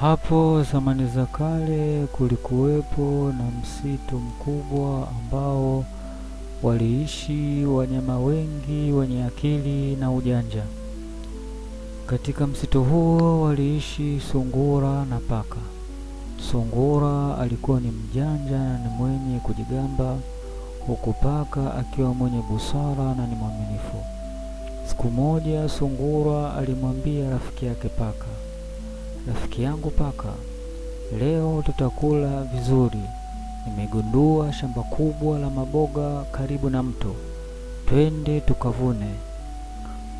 Hapo zamani za kale kulikuwepo na msitu mkubwa ambao waliishi wanyama wengi wenye akili na ujanja. Katika msitu huo waliishi sungura na paka. Sungura alikuwa ni mjanja na ni mwenye kujigamba, huku paka akiwa mwenye busara na ni mwaminifu. Siku moja, sungura alimwambia rafiki yake paka Rafiki yangu paka, leo tutakula vizuri. Nimegundua shamba kubwa la maboga karibu na mto, twende tukavune.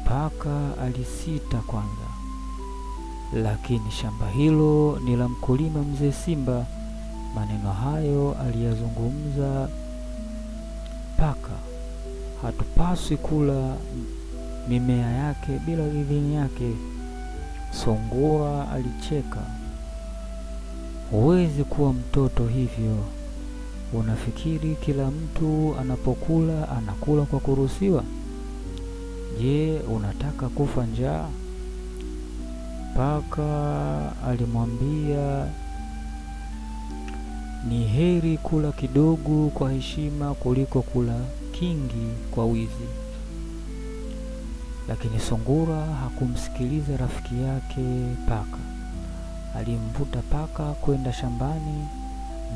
Paka alisita kwanza, lakini shamba hilo ni la mkulima mzee Simba. Maneno hayo aliyazungumza paka, hatupaswi kula mimea yake bila idhini yake. Sungura alicheka. Huwezi kuwa mtoto hivyo. Unafikiri kila mtu anapokula anakula kwa kuruhusiwa? Je, unataka kufa njaa? Paka alimwambia, ni heri kula kidogo kwa heshima kuliko kula kingi kwa wizi. Lakini sungura hakumsikiliza rafiki yake paka. Alimvuta paka kwenda shambani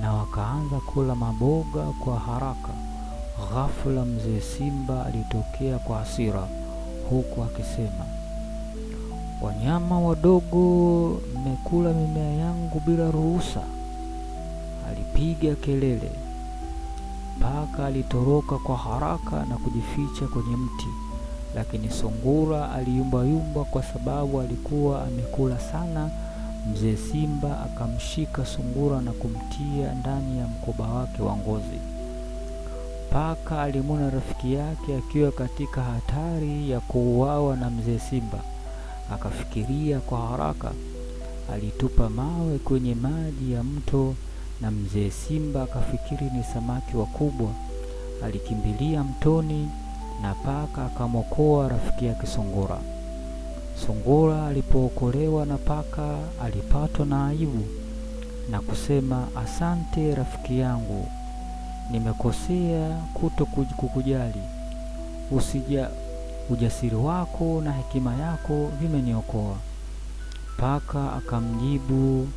na wakaanza kula maboga kwa haraka. Ghafula mzee Simba alitokea kwa hasira, huku akisema, wanyama wadogo, mmekula mimea yangu bila ruhusa. Alipiga kelele. Paka alitoroka kwa haraka na kujificha kwenye mti lakini sungura aliyumbayumba kwa sababu alikuwa amekula sana. Mzee Simba akamshika sungura na kumtia ndani ya mkoba wake wa ngozi. Paka alimwona rafiki yake akiwa katika hatari ya kuuawa na mzee Simba, akafikiria kwa haraka. Alitupa mawe kwenye maji ya mto, na mzee Simba akafikiri ni samaki wakubwa. Alikimbilia mtoni na paka akamwokoa rafiki yake Sungura. Sungura alipookolewa na paka alipatwa na aibu na kusema, asante rafiki yangu, nimekosea kuto kukujali. Usija, ujasiri wako na hekima yako vimeniokoa. Paka akamjibu,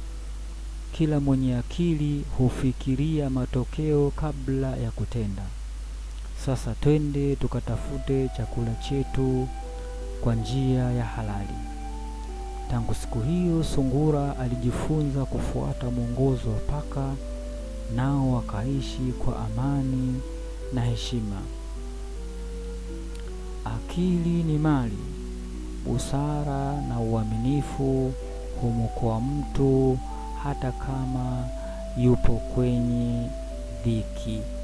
kila mwenye akili hufikiria matokeo kabla ya kutenda. Sasa twende tukatafute chakula chetu kwa njia ya halali. Tangu siku hiyo, sungura alijifunza kufuata mwongozo wa paka, nao wakaishi kwa amani na heshima. Akili ni mali, busara na uaminifu humokoa mtu hata kama yupo kwenye dhiki.